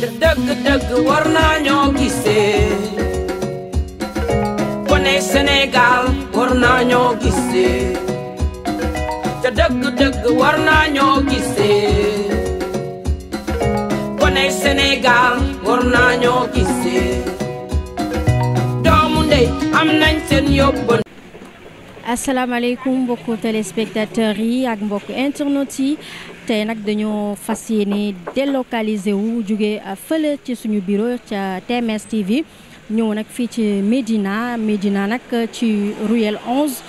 te dëgg-dëgg war naa ñoo gisee kone Sénégal war Sénégal war ñoo gisee doomu ndey am nañ seen yóbban asalaamaaleykum mbokku téléspectateurs yi ak mbokk internautes yi tey nag dañoo fas yéene délocalisé wu jóge euh, fële ci suñu bureau ca TMS TV ñëw nag fii ci Médina Médina nag ci Ruelle 11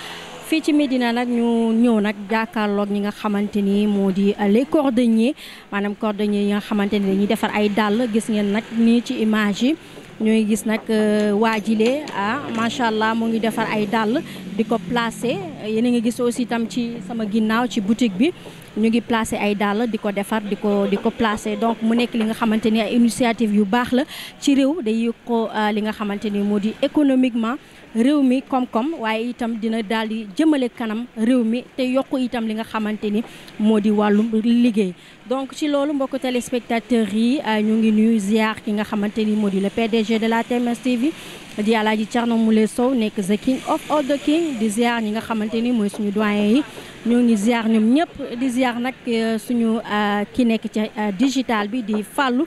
fii ci Médina nag ñu ñëw nag jàkkaarloog ñi nga xamante ni moo di euh, les cordonniers maanaam cordonniers yi nga xamante ni dañuy defar ay dàll gis ngeen nag nii ci image yi ñooy gis nag euh, waa jile ah macha allah mu ngi defar ay dàll di ko placer yéen a ngi gis aussi tam ci sama ginnaaw ci boutique bi ñu ngi placé ay dàll di ko defar di ko di ko placé donc mu nekk li nga xamante ni ay initiative yu baax la ci réew day ko euh, li nga xamante ni moo di économiquement réew mi koom-koom waaye itam dina daal di jëmale kanam réew mi te yokk itam li nga xamante ni moo di wàllum liggéey donc ci loolu mbokk téléspectateurs yi euh, ñu ngi nuyu ziar ki nga xamante ni moo di le PDG de la TMS TV di ñi nga xamante ni mooy suñu doyen yi ñoo ngi ziar ñoom ñëpp di ziar nag euh, suñu euh, ki nekk ci digital bi di fàllu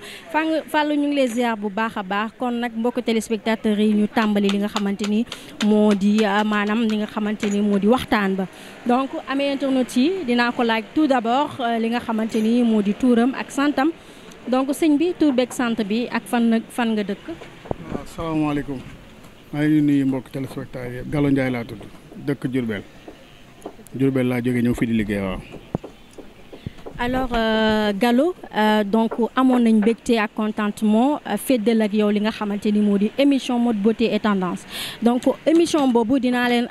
fàllu ñu ngi lay ziar bu baax a baax kon nag mbokk téléspectateurs yi ñu tàmbali li nga xamante ni moo di maanaam li nga xamante ni moo di waxtaan ba donc amee internet yi dinaa ko laaj tout d'abord li nga xamante moo di tuuram ak santam donc sëñ bi tuur beeg sant bi ak fan fan nga dëkk. waaw asalaamaaleykum maa ngi nuyu mbokk téléspectateur yëpp Gallo Ndiaye laa tudd dëkk Diourbel Diourbel laa jógee ñëw fii di liggéey waaw. alors euh, Gallo euh, donc amoon nañ mbégte ak moo euh, féddal ak yow li nga xamante ni moo di émission mode beauté et tendance donc émission boobu dinaa leen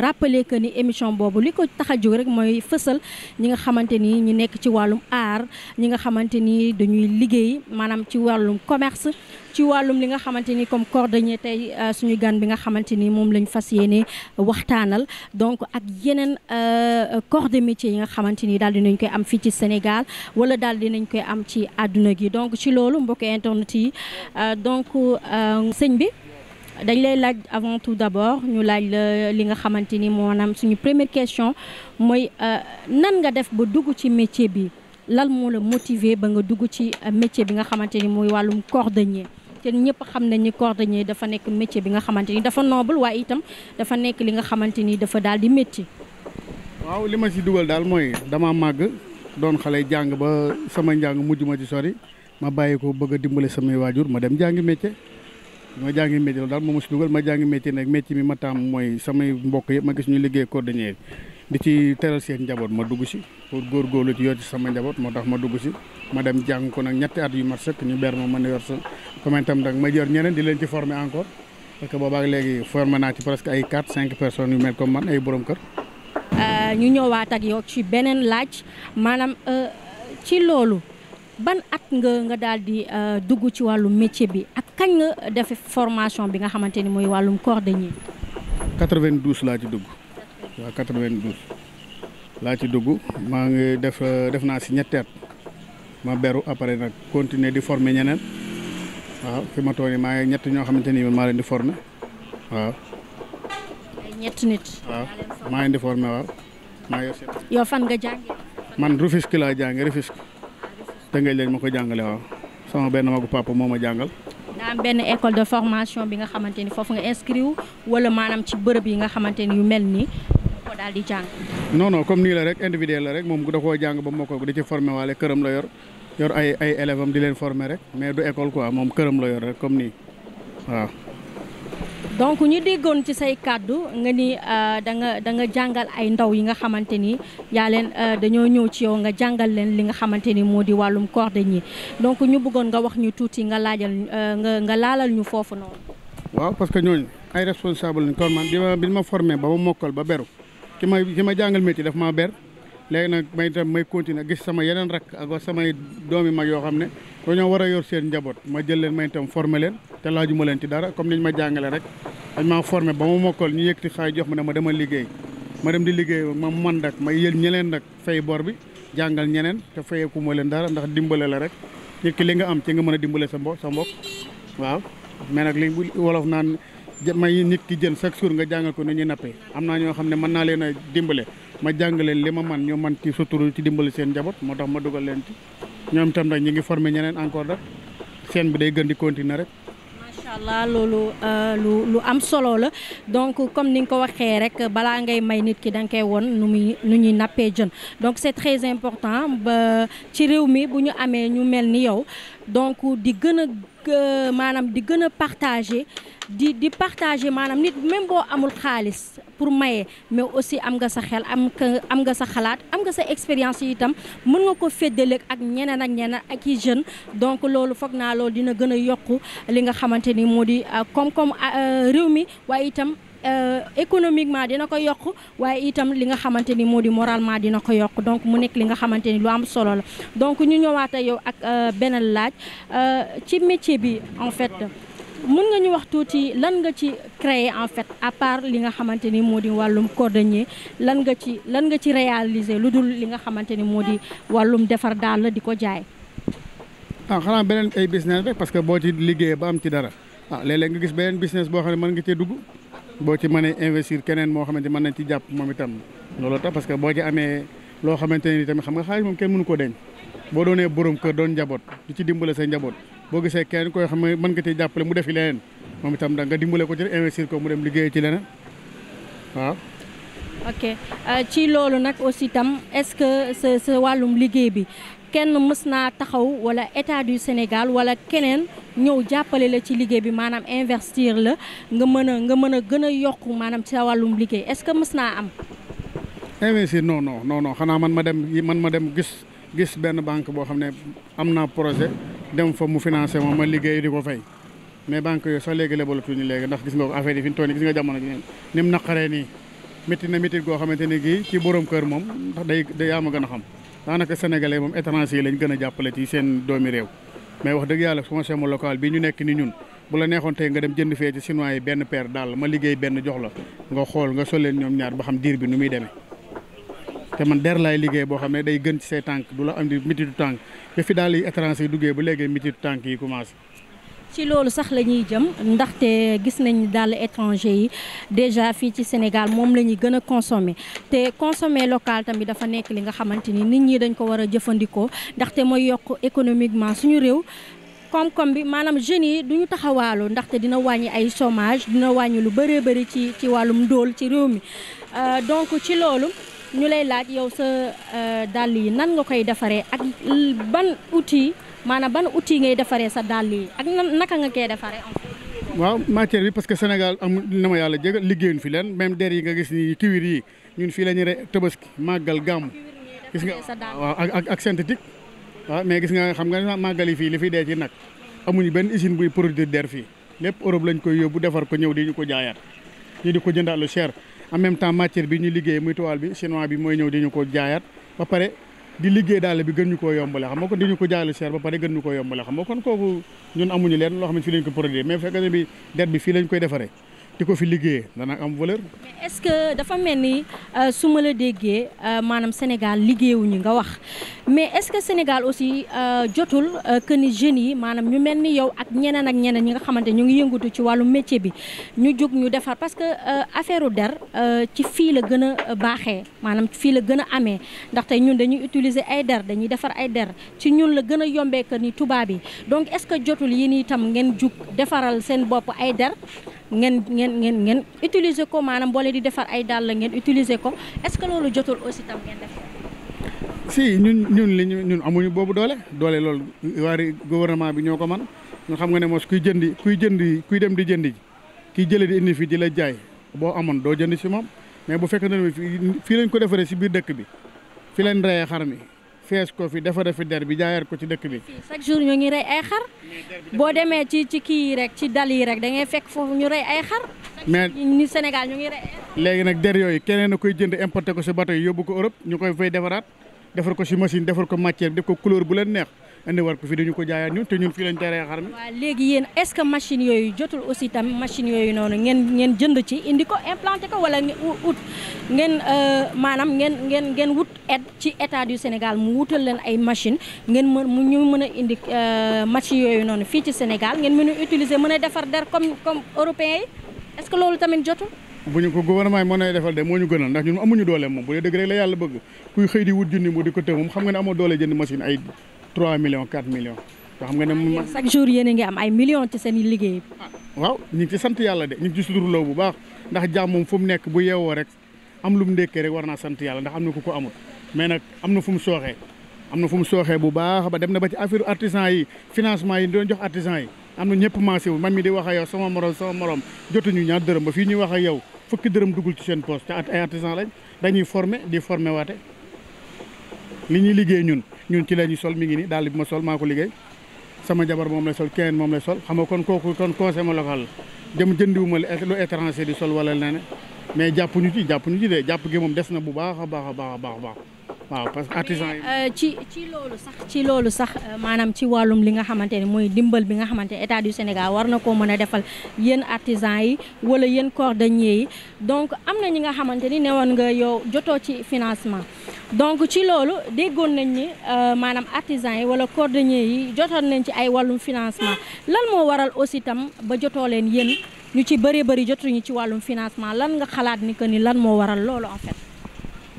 rappeler que ni émission boobu li ko tax a jóg rek mooy fësal ñi nga xamante ni ñu nekk ci wàllum art ñi nga xamante ni dañuy liggéey maanaam ci wàllum commerce ci wàllum li nga xamante ni comme cordonnier tey euh, suñu gan bi nga xamante ni moom lañ fas yéene waxtaanal donc ak yeneen euh, corps de métier yi nga xamante ni daal dinañ koy am fii ci Sénégal wala daal nañ koy am ci àdduna gi donc ci loolu mbokk internet yi euh, donc sëñ bi dañ lay laaj avant tout d'abord ñu laaj li nga xamante ni maanaam suñu première question mooy nan nga def ba dugg ci métier bi lan moo la motiver ba nga dugg ci métier bi nga xamante ni mooy wàllum cordonnier te ñëpp xam nañ ni cordonnier dafa nekk métier bi nga xamante ni dafa noble waaye itam dafa nekk li nga xamante ni dafa daal di métier. waaw li ma ci dugal daal mooy dama màgg doon xale jàng ba sama njàng mujj ma ci sori ma bàyyi ko bëgg a dimbale samay waajur ma dem jàngi métier. ma jàngi métier loolu daal moom si dugal ma jàngi métier nag métier mi ma tàmm mooy samay mbokk yëpp ma gis ñu liggéey cordonnier di ci teral seen njaboot ma dugg si pour góorgóorlu ci yor ci sama njaboot moo tax ma dugg si ma dem jàng nag ñetti at yu mat sëkk ñu ber ma mën a yor sa comme itam nag ma jël ñeneen di leen ci former encore parce que boobaak léegi formé naa ci presque ay quatre cinq personnes yu mel comme man ay borom kër. Euh, ñu ñëwaat ak yow ci beneen laaj maanaam euh, ci loolu ban at nga nga daal di euh, dugg ci wàllu métier bi ak kañ nga defe formation bi nga xamante ni mooy wàllum cordonnier. 92 laa ci dugg waaw 92 laa ci dugg maa ngi def def naa si ñetti at ma beru après nag continuer di former ñeneen. waaw fi ma toog nii maa ngi ñett ñoo xamante ni maa leen di former waaw. nit. maa leen di former waaw. maa yor seen. yow fan nga jàngee. man Rufisque laa jàngee Rufisque. Tëngéej lañ ma ko jàngale waaw sama benn magu papa moo jàngal. daa benn école de formation bi nga xamante ni foofu nga inscrire wala maanaam ci bërëb yi nga xamante ni yu mel nii ko daal di jàng. non non comme nii la rek individuel la rek moom da koo jàng ba moo ko da ci formé waale këram la yor. yor ay ay élèves di leen former rek mais du école quoi moom këram la yor rek comme nii waaw. donc ñu déggoon ci say kàddu nga ni euh, da nga da nga jàngal ay ndaw yi nga xamante ni yaa leen euh, dañoo ñëw ci yow nga jàngal leen li nga xamante ni moo di wàllum ñi donc ñu bëggoon nga wax ñu tuuti nga laajal euh, nga nga laalal ñu foofu noonu. waaw parce que ñooñu ay responsable lañ kon man bi ma bi ma formé ba ma mokkal ba beru ki ma ki ma jàngal métier daf maa ber. léegi nag may itam may continuer gis sama yeneen rak ak samay doomi mag yoo xam ne dañoo war a yor seen njaboot ma jël leen may itam former leen te laajuma leen ci dara comme niñ ma jàngale rek maa formé ba ma mokkal ñu yëkkati xaay jox ma ne ma dama liggéey ma dem di liggéey ma man nag ma yël ñeneen nag fay bor bi jàngal ñeneen te fayeeku leen dara ndax dimbale la rek nit ki li nga am ci nga mën a dimbale sa mbo sa waaw mais nag li wolof naan may nit ki jën chaque jour nga jàngal ko ni ñuy nappee am naa ñoo xam ne mën naa leen a dimbale ma jàng leen li ma man ñu man ci suturu ci dimbali seen njaboot moo tax ma dugal leen ci ñoom itam nag ñu ngi formé ñeneen encore rek seen bi day gën di continuer rek. macha allah loolu euh, lu lu am solo la donc comme ni nga ko waxee rek balaa ngay may nit ki da nga woon nu muy nu ñuy nappee jën donc c'est très important ba ci réew mi bu ñu amee ñu mel ni yow donc di gën Euh, maanaam di gën a partager di di partager maanaam nit même boo amul xaalis pour maye mais aussi am nga sa xel am am nga sa xalaat am nga sa expérience yi itam mun nga ko féddale ak ñeneen ak ñeneen ak i jeunes donc loolu foog naa loolu dina gën a yokk li nga xamante ni moo di euh, koom-koom euh, réew mi waaye itam. Euh, économiquement dina ko yokk waaye itam li nga xamante ni moo di moralement dina ko yokk donc mu nekk li nga xamante ni lu am solo la donc ñu ñëwaat yow ak euh, beneen laaj euh, ci métier bi en fait. mën nga ñu wax tuuti lan nga ci créer en fait à part li nga xamante ni moo di wàllum cordonnier lan nga ci lan nga ci réaliser lu dul li nga xamante ni moo di wàllum defar daal la di ko jaay. ah xanaa beneen ay business rek parce que boo ci liggéeyee ba am ci dara ah nga gis beneen business boo xam ne mën nga cee dugg. boo ci mënee investir keneen moo xamante mën nañ ci jàpp moom itam loolu tax parce que boo ci amee loo xamante ni tamit xam nga xaalis moom kenn mënu ko denc boo doonee borom kër doon njaboot di ci dimbale sa njaboot boo gisee kenn koy xam ne mën nga ci jàppale mu defi leneen moom itam da nga dimbale ko ci investir ko mu dem liggéey ci leneen waaw. ok euh, ci loolu nag aussi tam est-ce que sa sa wàllum liggéey bi kenn mës naa taxaw wala état du Sénégal wala keneen ñëw jàppale la ci liggéey bi maanaam investir la nga mën a nga mën a gën a yokk maanaam ci sa wàllum liggéey est-ce que mës naa am. Eh investir non non non xanaa man ma dem man ma dem gis gis benn banque boo xam ne am naa projet dem fa mu financé ma ma liggéey di ko fay mais banque yooyu sax léegi lebalatuñu léegi ndax gis nga ko affaire yi fi ñu gis nga jamono ji ni mu naqaree nii métti na métti goo xamante ne gii ci borom kër moom ndax day day yaa ma gën a xam. daanaka sénégalais moom étranger yi lañ gën a jàppale ci seen doomi réew mais wax dëgg yàlla foncièrement local bi ñu nekk ni ñun bu la neexoon tey nga dem jënd fee ci chinois yi benn paire daal ma liggéey benn jox la nga xool nga soleen ñoom ñaar ba xam diir bi nu muy demee te man der laay liggéey boo xam ne day gën ci say tànk du la am di mititu tànk te fi daal yi étranger yi duggee ba léegi mititu tànk yi commencé ci loolu sax la ñuy jëm ndaxte gis nañ dàll étranger yi déjà fii ci Sénégal moom la ñuy gën a consommer te consommer local tamit dafa nekk li nga xamante ni nit ñi dañ ko war a jëfandikoo ndaxte mooy yokk économiquement suñu réew koom-koom bi maanaam jeunes yi du ñu ndaxte dina wàññi ay chômage dina wàññi lu bëree bëri ci ci wàllum ndóol ci réew mi euh, donc ci loolu ñu lay laaj yow sa euh, dàll yi nan nga koy defaree ak ban outil ba ban outil ngay defaree sa dàll yi ak naka nga koy defaree. waaw matière bi parce que Sénégal am na ma yàlla jégal liggéeyuñ fi leen même der yi nga gis ni kiwir yi ñun fii la ñu re Tabaski màggal gàmm. gis nga waaw ak ak synthétique. waaw mais gis nga xam nga màggal yi fii li fi dee ci nag amuñu benn usine buy produire der fii lépp Europe lañ koy yóbbu defar ko ñëw di ñu ko jaayaat ñu di ko jëndaat lu cher en même temps matière bi ñu liggéey muy toile bi chinois bi mooy ñëw di ñu ko jaayaat ba pare. di liggéey daal bi gën ñu koo yombale xam nga kon di ko jaaylu cher ba pare gën ñu koo yombale xam kon kooku ñun amuñu leen loo xam ne fii lañ ko produire mais bu fekkee bi der bi fii lañ koy defaree di ko fi liggéeyee dana am valeur. est-ce que dafa mel ni euh, su ma la déggee euh, maanaam Sénégal liggéeyuñu nga wax mais est-ce que Sénégal aussi euh, jotul que ni jeunes yi maanaam ñu mel ni yow ak ñeneen ak ñeneen ñi nga xamante ñu ngi yëngatu ci wàllu métier bi ñu jug ñu defar parce que affaire der ci fii la gën a baaxee maanaam fii la gën a amee ndaxte ñun dañuy utiliser ay der dañuy defar ay der ci ñun la gën a yombee que ni tubaab yi donc est-ce que jotul yi nii ngeen jug defaral seen bopp ay der. ngeen ngeen ngeen ngeen utiliser ko maanaam boole di defar ay dàll ngeen utiliser ko est que loolu jotul aussi tam si ñun ñun li ñu ñun amuñu boobu doole doole loolu waari gouvernement bi ñoo ko man ñun xam nga ne mos kuy jënd kuy jënd kuy dem di jëndi kiy jële di indi fii di la jaay boo amoon doo jënd si moom mais bu fekkee ne fii lañ ko defaree si biir dëkk bi fi leen reyee xar mi fees ko fi defare fi der bi jaayaat ko ci dëkk bi. chaque jour ñu ngi rey ay xar boo demee ci ci kii yi rek ci dal yi rek da ngay fekk foofu ñu rey ay xar. mais ni Sénégal ñu ngi rey. léegi nag der yooyu keneen a koy jënd importé ko si bato yi yóbbu ko Europe ñu koy fay defaraat. defar ko si machine defar ko matière def ko couleur bu leen neex indi war ko fi dañu ko jaayaat ñun te ñun fii lañ teree xar mi. waaw léegi yéen est ce que machine yooyu jotul aussi tam yooyu noonu ngeen ngeen jënd ci indi ko implanté ko wala ut ngeen euh, maanaam ngeen ngeen ngeen wut aide ci état du Sénégal mu wutal leen ay machine ngeen mën mu ñu mën a indi euh, machine yooyu noonu fii ci Sénégal ngeen mu a utiliser mën a defar der comme comme européens yi est ce loolu tamit jotul. bu ñu ko mu ko tëw moom xam nga ne amoo doole jënd machine ay 3 millions 4 millions yoo xam nga ne ah, chaque jour yéen a ngi am ay millions ci seen liggéey bi ah, waaw ñu ngi ci sant yàlla ñu ngi ci suturloo bu baax ndax jàmm moom fu mu nekk bu yeewoo rek am lu mu ndékkee rek war naa sant yàlla ndax am na ku ko amul mais nag am na fu mu sooxee am na fu mu sooxee bu baax ba dem na ba ci affaire artisan yi financement yi doon jox artisan yi am na ñëpp maasé wu man mi di wax a yow sama morom sama morom jotuñu ñaar dërëm ba fii ñuy wax a yow fukki dërëm dugul ci seen poste te ay artisan lañ dañuy former di former waate li ñuy liggéey ñun ñun ci la ñuy sol mi ngi nii daal bi ma sol maa ko liggéey sama jabar moom lay sol keneen moom lay sol xam nga kon kooku kon conseil ma local la dem jëndiwuma lu étranger di sol wala leneen mais jàpp ñu ci jàpp ñu ci de jàpp gi moom des na bu baax a baax baax a baax. waaw parce que artisan yi euh, ci ci loolu sax ci loolu sax euh, maanaam ci wàllum li nga xamante ne mooy dimbal bi nga xamante ne état du Sénégal war na koo mën a defal yéen artisan yi wala yéen cordonnier yi donc am na ñi nga xamante ni newoon nga yow jotoo ci financement donc ci loolu déggoon nañ ni euh, maanaam artisan yi wala cordonnier yi jotoon nañ ci ay wàllum financement lan moo waral aussi tam ba jotoo leen yéen ñu ci bëree bëri jotuñu ci wàllum financement lan nga xalaat ni que ni lan moo waral loolu en fait.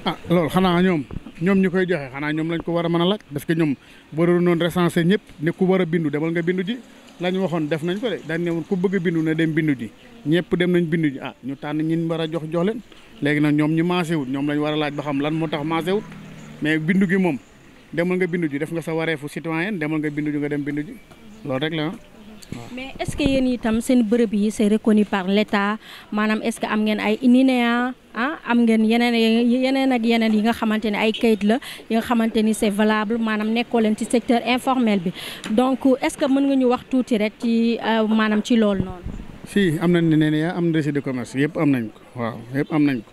Ah, loolu xanaa ñoom. ñoom ñu koy joxe xanaa ñoom lañ ko war a mën a laaj parce que ñoom waroon noon recensé ñëpp ne ku war a bindu demal nga bindu ji lañ waxoon def nañ ko de dañ ne woon ku bëgg a bindu na dem bindu ji ñëpp dem nañ bindu ji ah ñu tànn ñin war a jox jox leen léegi nag ñoom ñi maasé wut ñoom lañ war a laaj ba xam lan moo tax maasé wut mais bindu gi moom demal nga bindu ji def nga sa wareefu citoyen demal nga bindu ji nga dem bindu ji loolu rek la ah. mais est ce que yéen itam seen bërëb yi c' est reconnu par l' état maanaam est ce que am ngeen ay INEA ah am ngeen yeneen yeneen ak yeneen yi nga xamante ne ay kayit la yi nga xamante ni c' est valable maanaam nekkoo leen ci secteur informel bi donc est ce que mën nga ñu wax tuuti rek ci euh, maanaam ci lool noonu. si am nañ INEA am na registre de commerce yëpp am nañ ko waaw yëpp am nañ ko.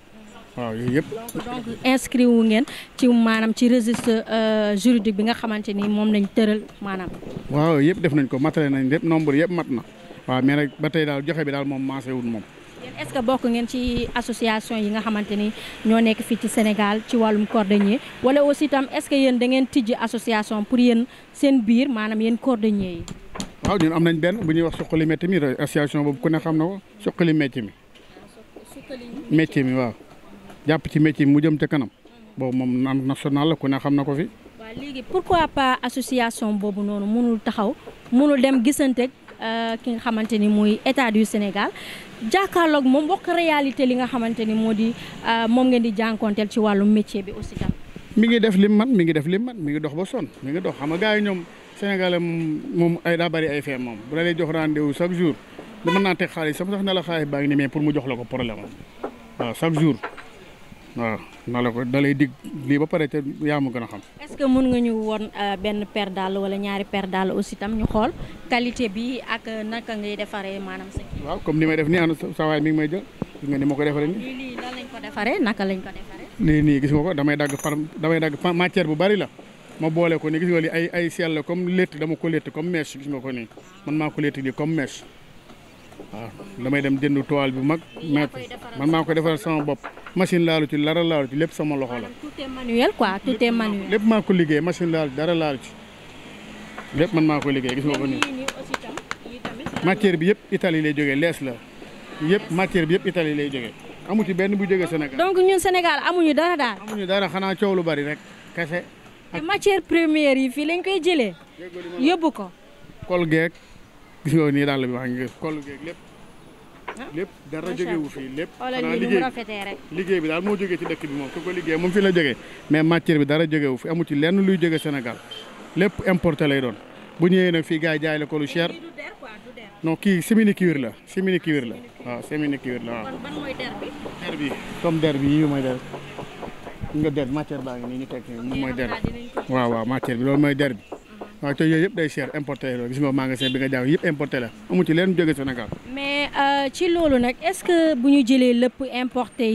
waaw yooyu yëpp. donc inscrit wu ngeen ci maanaam ci registre euh, juridique bi nga xamante ni moom lañ tëral maanaam. waaw yëpp def nañ ko matale nañ lépp nombre yëpp mat na waaw mais nag ba tey daal joxe bi daal moom maase wul moom. est ce que bokk ngeen ci association yi nga xamante ni ñoo nekk fii ci Sénégal ci wàllum cordonnier wala aussi tam est ce que yéen da ngeen tijji association pour yéen seen biir maanaam yéen cordonnier yi. waaw ñun am nañ benn bu ñuy wax suqali métier mi association boobu ku ne xam na ko suqali métier mi. Ah, mi waaw. jàpp ci métier mu jëm te kanam boobu moom naan national la ku ne xam na ko fi. waaw léegi pourquoi pas association boobu noonu mënul taxaw mënul dem gisante euh, ki nga xamante ni muy état du Sénégal jàkkaarloog moom bokk réalité li nga xamante ni moo di euh, moom ngeen di jànkonteel ci wàllu métier bi aussi mi ngi def lim man mi ngi def lim man mi ngi dox ba sonn mi ngi dox xam nga gars yi ñoom Sénégalais moom ay daa bari ay fee moom bu la lay jox rendez-vous chaque jour mën naa teg xaalis sama sax ne la xaalis baa ngi nii mais pour mu jox la ko problème am waaw chaque waaw na la ko da lay dig lii ba pare te yaa ma gën a xam. est-ce que mën nga ñu won euh, benn paire dàll wala ñaari paire dàll aussi tam ñu xool qualité bi ak euh, naka ngay defaree maanaam sa. waaw comme ni may def nii ana sa waay mi ngi may jël gis nga ko defaree nii. lii lii lan lañ nii gis nga damay dagg par damay dagg matière bu bari la ma boole ko nii gis nga li ay ay sel la comme létt dama ko létt comme mèche gis nga ko nii man maa ko létt nii comme mèche waaw damay dem jënd toile bu mag. man maa ko defaral sama bopp machine laalu ci dara laalu ci lépp sama loxo la. tout est manuel quoi tout est manuel. lépp maa ko liggéey machine laalu ci dara laalu ci lépp man maa ko liggéey gis nga ko nii. matière bi yëpp Italie lay jógee lees la yëpp matière bi yëpp Italie lay jógee amu ci benn bu jógee Sénégal. donc ñun Sénégal amuñu dara daal. amuñu dara xanaa coow lu bari rek kese. ak matière première yi fii lañ koy jëlee. yóbbu ko. kol geeg gis nga nii daal la bi wax nga kol geeg lépp. Ah. lépp dara jógewu fii lépp oh, xanaa liggéey bi daal moo jógee ci dëkk bi moom ku ko liggéey moom fii la jógee mais matière bi dara jógewu fi amu ci lenn luy jóge senegal lépp importé lay doon bu ñëwee nag fii gars yi jaay la ko lu cher non kii simili cuir la simili cuir la waaw simili cuir la waaw. der bi comme der mooy der nga der matière baa ngi nii ñu teg moom mooy der waaw waaw bi loolu mooy der bi waaw te yooyu yëpp day cher importé la gis nga magasin bi nga jaaw yëpp importé la amu ci leen jóge Sénégal. mais euh, ci loolu nag est-ce que bu ñu jëlee lépp importé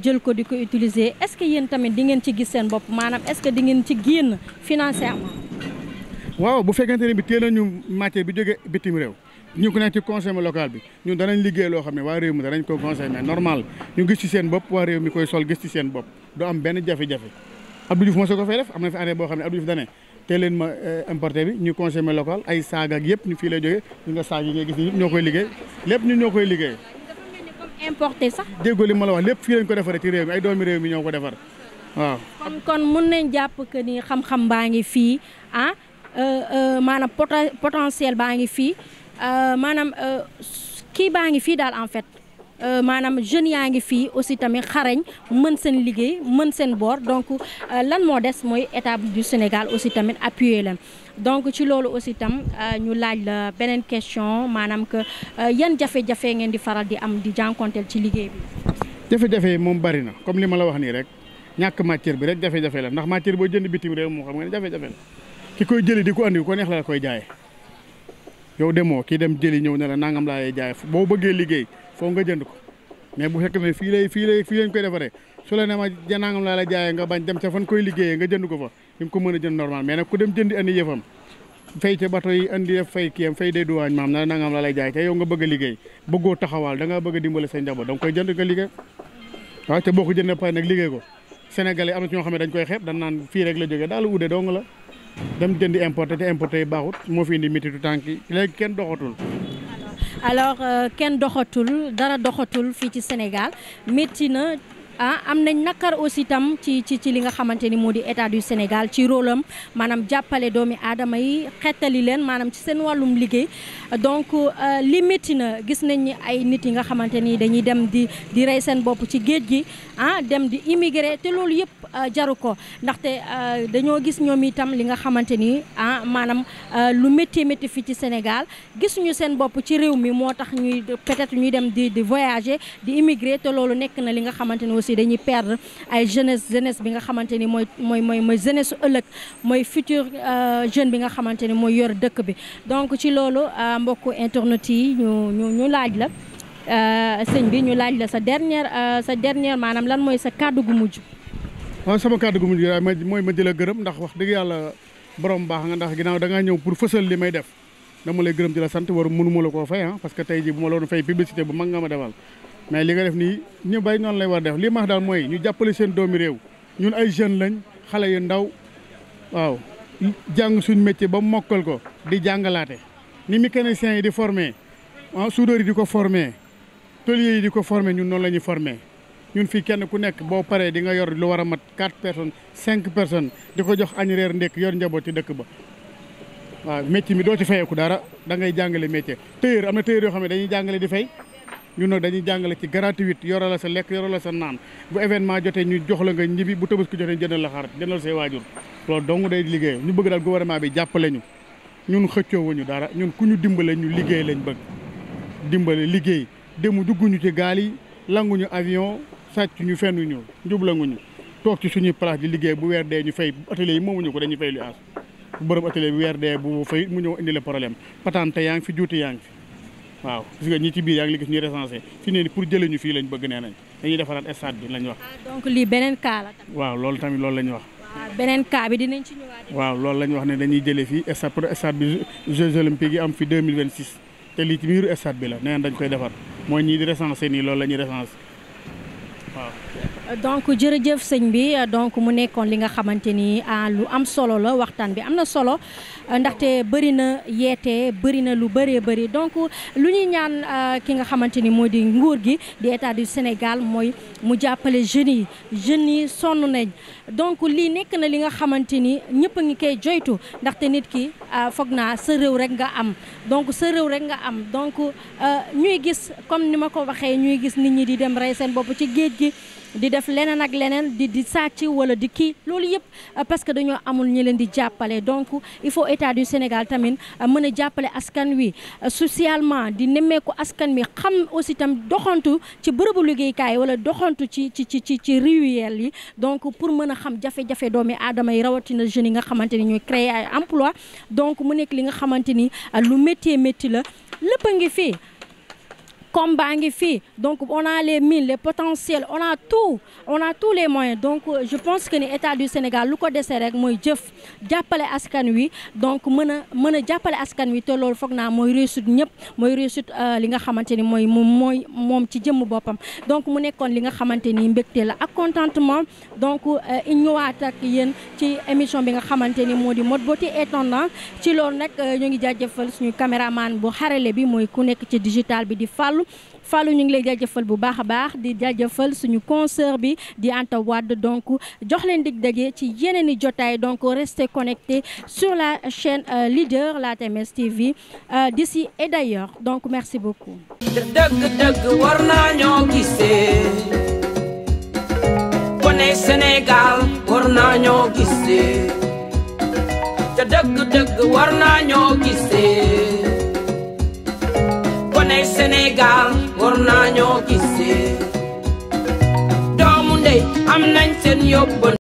jël ko di ko utiliser est-ce que yéen tamit di ngeen ci gis seen bopp maanaam est-ce que di ngeen ci génn financièrement. waaw bu fekkente ne bi teel a ñu matière bi jóge bitim réew. ñu ko nekk ci consommé local bi ñun danañ liggéey loo xam ne waa réew mi danañ ko consommé normal ñu gis ci seen bopp waa réew mi koy sol gis ci seen bopp du am benn jafe-jafe Abdou Diouf mos a ko fay def am na fi année boo xam ne Abdou Diouf dane te leen ma euh, importé bi ñu consommé local ay saag ak yëpp ñu fii lay jógee ñu nga saag yi ngay gis ñoo koy liggéey lépp ñu ñoo koy liggéey. importé sax. déggoo li ma la wax lépp fii lañ ko defaree ci réew mi ay doomi réew mi ñoo ko defar waaw. kon kon mun nañ jàpp que ni xam-xam baa ngi fii ah euh, euh, maanaam potentiel baa ngi fii maanaam kii baa ngi fii daal en fait. Euh, maanaam jeunes yaa ngi fii aussi tamit xareñ mën seen liggéey mën seen boor donc euh, lan moo des mooy état bu Sénégal aussi tamit appuyer leen donc ci loolu aussi tam euh, ñu laaj la beneen question maanaam que yan jafe-jafe ngeen di faral di am di jànkonteel ci liggéey bi. jafe-jafe yi moom bari na comme li ma la wax nii rek ñàkk matière bi rek jafe-jafe la ndax matière boo jënd bitim réew moo xam nga ne jafe-jafe la ki koy jëli di ko andi ko neex la la koy jaayee yow kii dem jëli ñëw ne la nangam laa lay jaayee boo bëggee liggéey. foo nga jënd ko mais bu fekkee ne fii lay fii lay fii lañ koy defaree su la ne ma janaangam laa la jaayee nga bañ dem ca fan koy liggéeye nga jënd ko fa di nga ko mën a jënd normal mais nag ku dem jëndi andi yëfam fay ca bato yi andi def na nangam la lay jaay te bëgg liggéey bëggoo taxawaal da ngaa bëgg a dimbale sa njaboot da nga koy jënd nga liggéey pare nag liggéey ko Sénégalais am na ci ñoo xam ne dañ koy xeeb dañ naan fii rek la jógee daal ude dong la dem jëndi importé te importé yi baaxut moo fi indi mititu tànk yi léegi kenn doxatul alors euh, kenn doxatul dara doxatul fii ci Sénégal métti na ah am nañ nakkar aussi tam ci ci ci li nga xamante ni moo di état du Sénégal ci rôle am maanaam jàppale doomi aadama yi xettali leen maanaam ci seen wàllum liggéey donc euh, li métti na gis nañ ni ay nit yi nga xamante ni dañuy dem di di rey seen bopp ci géej gi ah dem di immigré te loolu yëpp euh, jaru ko ndaxte euh, dañoo gis ñoom itam li nga xamante ni ah maanaam lu métti métti fii ci Sénégal gisuñu seen bopp ci réew mi moo tax ñuy peut-être ñuy dem di di voyager di immigré te loolu nekk na li nga xamante ni aussi dañuy perdre ay jeunesse jeunesse bi nga xamante ni mooy mooy mooy mooy jeunesse ëllëg mooy futur euh, jeune bi nga xamante ni mooy yor dëkk bi donc ci loolu euh, mbokk internet yi ñu laaj la euh, sëñ bi ñu laaj la sa dernière sa dernière maanaam lan mooy sa kàddu gu mujj. waaw sama kàddu gu mujj mooy ma di gërëm ndax wax dëgg yàlla borom baax nga ndax ginnaaw da ngaa ñëw pour fësal li may def dama lay gërëm di la sant waru mënuma la koo fay ah parce que tey jii bu ma loon mag nga ma defal mais li nga def nii ñu bay noonu lay war def lii max daal mooy ñu jàppale seen doomi réew ñun ay jeunes lañ xale yu ndaw waaw jàng suñ métier ba mokkal ko di jàngalaate ni mécaniciens yi di formé ah soudeur yi di ko formé tôlier yi di ko formé ñun noonu la ñuy formé ñun fii kenn ku nekk boo paree di nga yor lu war a mat quatre personnes cinq personnes di ko jox añ reer ndékk yor njaboot ci dëkk ba waaw métier mi doo ci fayeeku dara da ngay jàngale métier tailleur am na tailleur yoo xam ne dañuy jàngale di fay ñun nag dañuy jàngale ci gratuite yore la sa lekk yore la sa naan bu événement jotee ñu jox la nga ñibbi bu tabaski jotee jëndal la xar jëndal say waajur loolu dong day liggéey ñu bëgg daal gouvernement bi jàppale ñu ñun xëccoowuñu dara ñun ku ñu dimbale ñu liggéey lañ bëgg dimbale liggéey demu dugguñu ci gaal yi languñu avion sàcc ñu fennuñu njublanguñu toog ci suñuy place di liggéey bu weer dee ñu fay atelier yi moomuñu ko dañuy fay lu aas b borom weer dee bu fay mu ñëw indi problème patante yaa ngi fi juuti yaa ngi fi waaw gis nga ñi ci biir yaa ngi gis ñu recensé fi ne ni pour jëlee ñu fii lañ bëgg nee nañ dañuy defaraat stade bi lañ wax. Ah, donc lii beneen cas la waaw loolu tamit loolu lañ wax. waaw beneen cas bi dinañ ci ñëwaat. waaw loolu lañ wax ne dañuy jëlee fii stade pour stade bi yi am fi 2026 te lii ci biiru stade bi la nee dañ koy defar mooy ñii di recensé nii loolu la ñuy recensé waaw. donc jërëjëf sëñ bi donc mu nekkoon li nga xamante ni ah, lu am solo la waxtaan bi am na solo ndaxte bëri na yeete bëri na lu bëree bëri donc lu ñuy ñaan ah, ki nga xamante ni moo di nguur gi di état du Sénégal mooy mu jàppale jeunes yi jeunes yi sonn nañ donc lii nekk na li nga xamante ni ñëpp a ngi koy joytu ndaxte nit ki ah, foog naa sa réew rek nga am donc sa réew rek nga am donc ñuy gis comme ni ma ko waxee ñuy gis nit ñi di dem rey seen bopp ci géej gi. di def leneen ak leneen di di sàcc wala di kii loolu yëpp euh, parce que dañoo amul ñi leen di jàppale donc il faut état du Sénégal tamit euh, mën a jàppale askan wi euh, socialement di nemmeeku askan wi xam aussi tam doxantu ci bërëbu liggéeykaay wala doxantu ci ci ci ci ci ruelle yi donc pour mën a xam jafe-jafe doomi aadama yi rawatina jeunes yi nga xamante ni ñooy créer ay emploi donc mu nekk li nga xamante ni lu métier métier la lépp a ngi fii comme baa ngi fii donc on a les mines les potentiels on a tout on a tous les moyens donc je pense que ni état du Sénégal lu ko desee rek mooy jëf jàppale askan wi donc mën a mën a jàppale askan wi te loolu foog naa mooy réussite ñëpp mooy réussite euh, li nga xamante ni mooy moom mooy moom ci jëmm boppam donc mu nekkoon li nga xamante ni mbégte la ak contentement donc euh, ñëwaat ak yéen ci émission bi nga xamante ni moo di mode beauté et ci loolu nag euh, ñu ngi jaajëfal suñu caméraman bu xarale bi mooy ku nekk ci digital bi di fàllu Fallou ñu ngi lay jaajëfal bu baax a baax di jaajëfal suñu concert bi di Anta Wade donc jox leen dig daje ci yeneen i jotaay donc restez connectés sur la chaîne euh, leader la TMS TV euh, d'ici et d'ailleurs donc merci beaucoup. dëgg-dëgg dëgg-dëgg ñoo gisee. ne Sénégal war naa ñoo gisee doomu ndey am nañ seen yóbbal